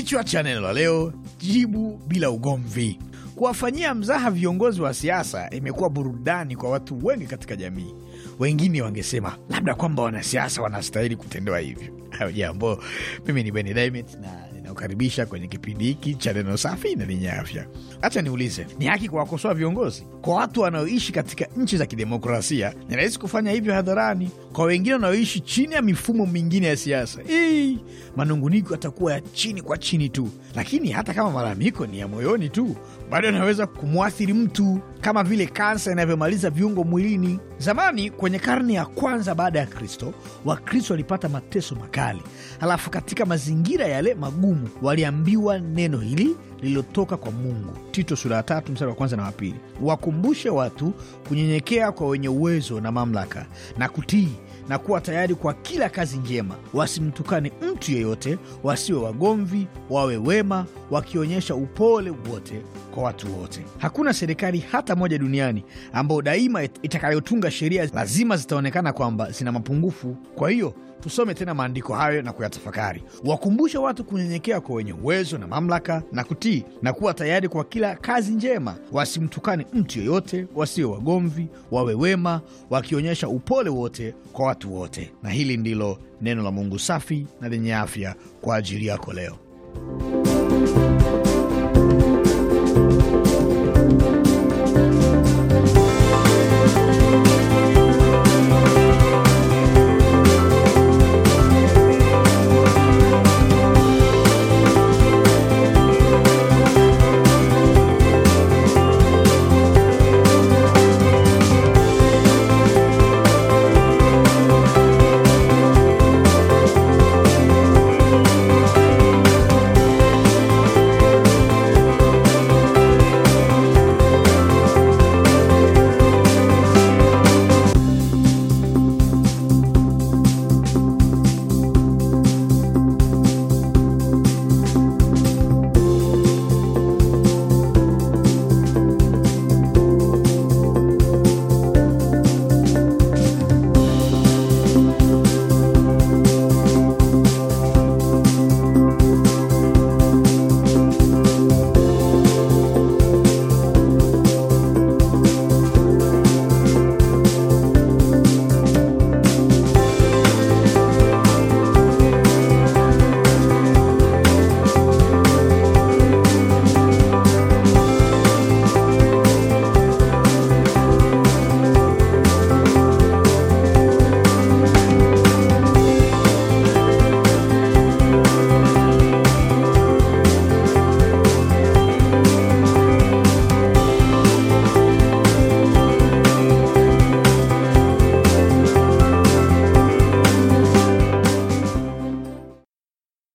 Kichwa cha neno la leo: jibu bila ugomvi. Kuwafanyia mzaha viongozi wa siasa imekuwa burudani kwa watu wengi katika jamii. Wengine wangesema labda kwamba wanasiasa wanastahili kutendewa hivyo. Jambo, mimi ni Ben Diamond na nakukaribisha kwenye kipindi hiki cha neno safi na lenye afya. Hacha niulize, ni haki kuwakosoa viongozi? Kwa watu wanaoishi katika nchi za kidemokrasia ni rahisi kufanya hivyo hadharani. Kwa wengine wanaoishi chini ya mifumo mingine ya siasa, hii manunguniko yatakuwa ya chini kwa chini tu, lakini hata kama malalamiko ni ya moyoni tu, bado yanaweza kumwathiri mtu kama vile kansa inavyomaliza viungo mwilini. Zamani kwenye karne ya kwanza baada ya Kristo, Wakristo walipata mateso makali, halafu katika mazingira yale magumu Yerusalemu waliambiwa neno hili lililotoka kwa Mungu. Tito sura ya tatu mstari wa kwanza na wa pili. Wakumbushe watu kunyenyekea kwa wenye uwezo na mamlaka na kutii na kuwa tayari kwa kila kazi njema. Wasimtukane mtu yeyote, wasiwe wagomvi, wawe wema, wakionyesha upole wote kwa watu wote. Hakuna serikali hata moja duniani ambayo daima itakayotunga sheria lazima zitaonekana kwamba zina mapungufu. Kwa hiyo Tusome tena maandiko hayo na kuyatafakari. Wakumbushe watu kunyenyekea kwa wenye uwezo na mamlaka na kutii na kuwa tayari kwa kila kazi njema. Wasimtukane mtu yoyote, wasiwe wagomvi, wawe wema, wakionyesha upole wote kwa watu wote. Na hili ndilo neno la Mungu safi na lenye afya kwa ajili yako leo.